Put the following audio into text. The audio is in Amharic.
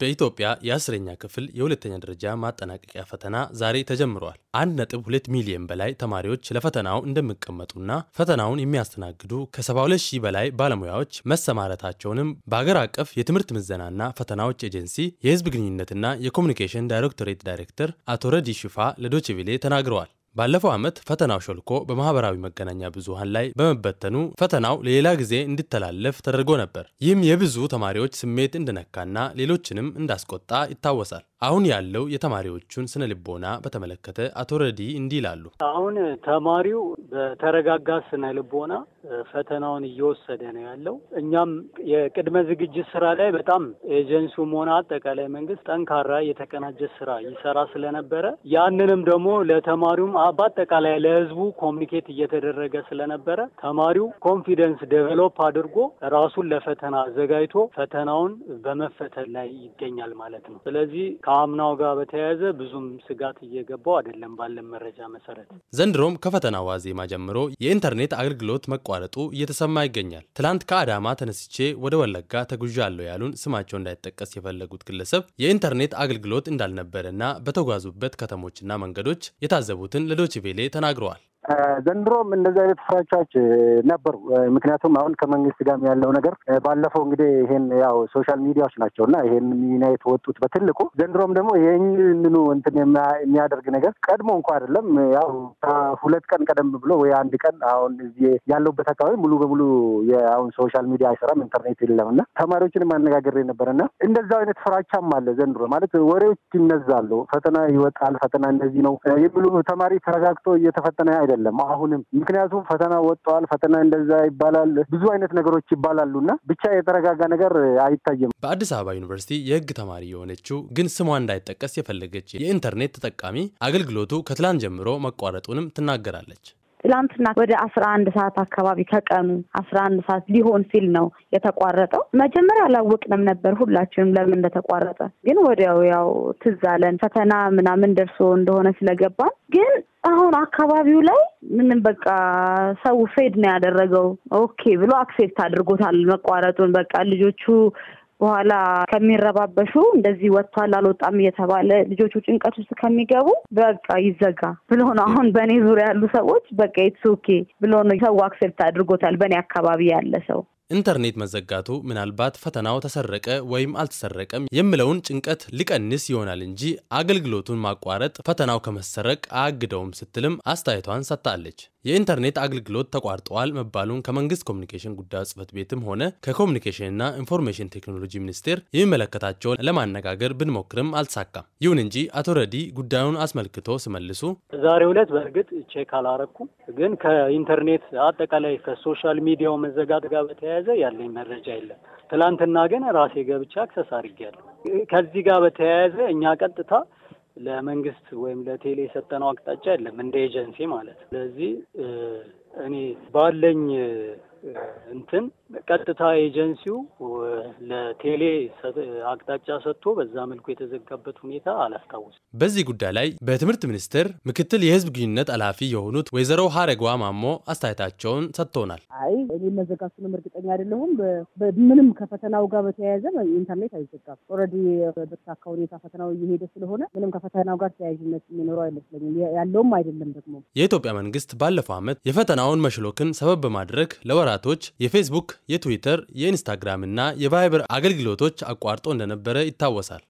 በኢትዮጵያ የአስረኛ ክፍል የሁለተኛ ደረጃ ማጠናቀቂያ ፈተና ዛሬ ተጀምሯል። ሁለት ሚሊዮን በላይ ተማሪዎች ለፈተናው እንደሚቀመጡና ፈተናውን የሚያስተናግዱ ከ72 ሺህ በላይ ባለሙያዎች መሰማረታቸውንም በአገር አቀፍ የትምህርት ምዘናና ፈተናዎች ኤጀንሲ የህዝብ ግንኙነትና የኮሚኒኬሽን ዳይሬክቶሬት ዳይሬክተር አቶ ረዲ ሽፋ ለዶችቪሌ ተናግረዋል። ባለፈው ዓመት ፈተናው ሾልኮ በማህበራዊ መገናኛ ብዙሃን ላይ በመበተኑ ፈተናው ለሌላ ጊዜ እንዲተላለፍ ተደርጎ ነበር። ይህም የብዙ ተማሪዎች ስሜት እንደነካና ሌሎችንም እንዳስቆጣ ይታወሳል። አሁን ያለው የተማሪዎቹን ስነ ልቦና በተመለከተ አቶ ረዲ እንዲህ ይላሉ። አሁን ተማሪው በተረጋጋ ስነ ልቦና ፈተናውን እየወሰደ ነው ያለው። እኛም የቅድመ ዝግጅት ስራ ላይ በጣም ኤጀንሲውም ሆነ አጠቃላይ መንግስት ጠንካራ የተቀናጀ ስራ ይሰራ ስለነበረ ያንንም ደግሞ ለተማሪውም በአጠቃላይ ለህዝቡ ኮሚኒኬት እየተደረገ ስለነበረ ተማሪው ኮንፊደንስ ዴቨሎፕ አድርጎ ራሱን ለፈተና አዘጋጅቶ ፈተናውን በመፈተን ላይ ይገኛል ማለት ነው። ስለዚህ ከአምናው ጋር በተያያዘ ብዙም ስጋት እየገባው አይደለም ባለን መረጃ መሰረት ዘንድሮም ከፈተና ዋዜማ ጀምሮ የኢንተርኔት አገልግሎት መቋ መቋረጡ እየተሰማ ይገኛል። ትላንት ከአዳማ ተነስቼ ወደ ወለጋ ተጉዣለሁ ያሉን ስማቸው እንዳይጠቀስ የፈለጉት ግለሰብ የኢንተርኔት አገልግሎት እንዳልነበረና በተጓዙበት ከተሞችና መንገዶች የታዘቡትን ለዶችቬሌ ተናግረዋል። ዘንድሮም እንደዚህ አይነት ፍራቻዎች ነበሩ። ምክንያቱም አሁን ከመንግስት ጋር ያለው ነገር ባለፈው እንግዲህ ይሄን ያው ሶሻል ሚዲያዎች ናቸው እና ይሄን ሚና የተወጡት በትልቁ ዘንድሮም ደግሞ ይህንኑ እንትን የሚያደርግ ነገር ቀድሞ እንኳ አይደለም ያው ከሁለት ቀን ቀደም ብሎ ወይ አንድ ቀን አሁን እዚህ ያለውበት አካባቢ ሙሉ በሙሉ አሁን ሶሻል ሚዲያ አይሰራም፣ ኢንተርኔት የለም እና ተማሪዎችን ማነጋገር ነበር እና እንደዛው አይነት ፍራቻም አለ ዘንድሮ ማለት ወሬዎች ይነዛሉ፣ ፈተና ይወጣል፣ ፈተና እንደዚህ ነው የሚሉ ተማሪ ተረጋግቶ እየተፈተነ አይደለም የለም አሁንም። ምክንያቱም ፈተና ወጥተዋል፣ ፈተና እንደዛ ይባላል፣ ብዙ አይነት ነገሮች ይባላሉና ብቻ የተረጋጋ ነገር አይታይም። በአዲስ አበባ ዩኒቨርሲቲ የህግ ተማሪ የሆነችው ግን ስሟ እንዳይጠቀስ የፈለገች የኢንተርኔት ተጠቃሚ አገልግሎቱ ከትላንት ጀምሮ መቋረጡንም ትናገራለች። ትላንትና ወደ አስራ አንድ ሰዓት አካባቢ ከቀኑ አስራ አንድ ሰዓት ሊሆን ሲል ነው የተቋረጠው። መጀመሪያ አላወቅንም ነበር ሁላችንም ለምን እንደተቋረጠ። ግን ወዲያው ያው ትዝ አለን ፈተና ምናምን ደርሶ እንደሆነ ስለገባን ግን አሁን አካባቢው ላይ ምንም በቃ ሰው ፌድ ነው ያደረገው። ኦኬ ብሎ አክሴፕት አድርጎታል መቋረጡን። በቃ ልጆቹ በኋላ ከሚረባበሹ እንደዚህ ወጥቷል አልወጣም እየተባለ ልጆቹ ጭንቀት ውስጥ ከሚገቡ በቃ ይዘጋ ብሎ ነው። አሁን በእኔ ዙሪያ ያሉ ሰዎች በቃ ኢትስ ኦኬ ብሎ ነው ሰው አክሴፕት አድርጎታል። በእኔ አካባቢ ያለ ሰው ኢንተርኔት መዘጋቱ ምናልባት ፈተናው ተሰረቀ ወይም አልተሰረቀም የሚለውን ጭንቀት ሊቀንስ ይሆናል እንጂ አገልግሎቱን ማቋረጥ ፈተናው ከመሰረቅ አያግደውም ስትልም አስተያየቷን ሰጥታለች። የኢንተርኔት አገልግሎት ተቋርጠዋል መባሉን ከመንግስት ኮሚኒኬሽን ጉዳዮች ጽህፈት ቤትም ሆነ ከኮሚኒኬሽንና ኢንፎርሜሽን ቴክኖሎጂ ሚኒስቴር የሚመለከታቸውን ለማነጋገር ብንሞክርም አልተሳካም። ይሁን እንጂ አቶ ረዲ ጉዳዩን አስመልክቶ ሲመልሱ ዛሬ ዕለት በእርግጥ ቼክ አላረኩም፣ ግን ከኢንተርኔት አጠቃላይ ከሶሻል ሚዲያው መዘጋት ጋር በተያያዘ ያለኝ መረጃ የለም። ትላንትና ግን ራሴ ገብቻ አክሰስ አድርጌያለሁ። ከዚህ ጋር በተያያዘ እኛ ቀጥታ ለመንግስት ወይም ለቴሌ የሰጠነው አቅጣጫ የለም፣ እንደ ኤጀንሲ ማለት ነው። ስለዚህ እኔ ባለኝ እንትን ቀጥታ ኤጀንሲው ለቴሌ አቅጣጫ ሰጥቶ በዛ መልኩ የተዘጋበት ሁኔታ አላስታውስም። በዚህ ጉዳይ ላይ በትምህርት ሚኒስቴር ምክትል የህዝብ ግንኙነት ኃላፊ የሆኑት ወይዘሮ ሀረጓ ማሞ አስተያየታቸውን ሰጥቶናል። አይ እኔ መዘጋቱንም እርግጠኛ አይደለሁም። ምንም ከፈተናው ጋር በተያያዘ ኢንተርኔት አይዘጋም። ኦልሬዲ በተሳካ ሁኔታ ፈተናው እየሄደ ስለሆነ ምንም ከፈተናው ጋር ተያያዥነት የሚኖረው አይመስለኝም፣ ያለውም አይደለም። ደግሞ የኢትዮጵያ መንግስት ባለፈው ዓመት የፈተናውን መሽሎክን ሰበብ በማድረግ ለወራቶች የፌስቡክ፣ የትዊተር፣ የኢንስታግራም እና የባ የፋይበር አገልግሎቶች አቋርጦ እንደነበረ ይታወሳል።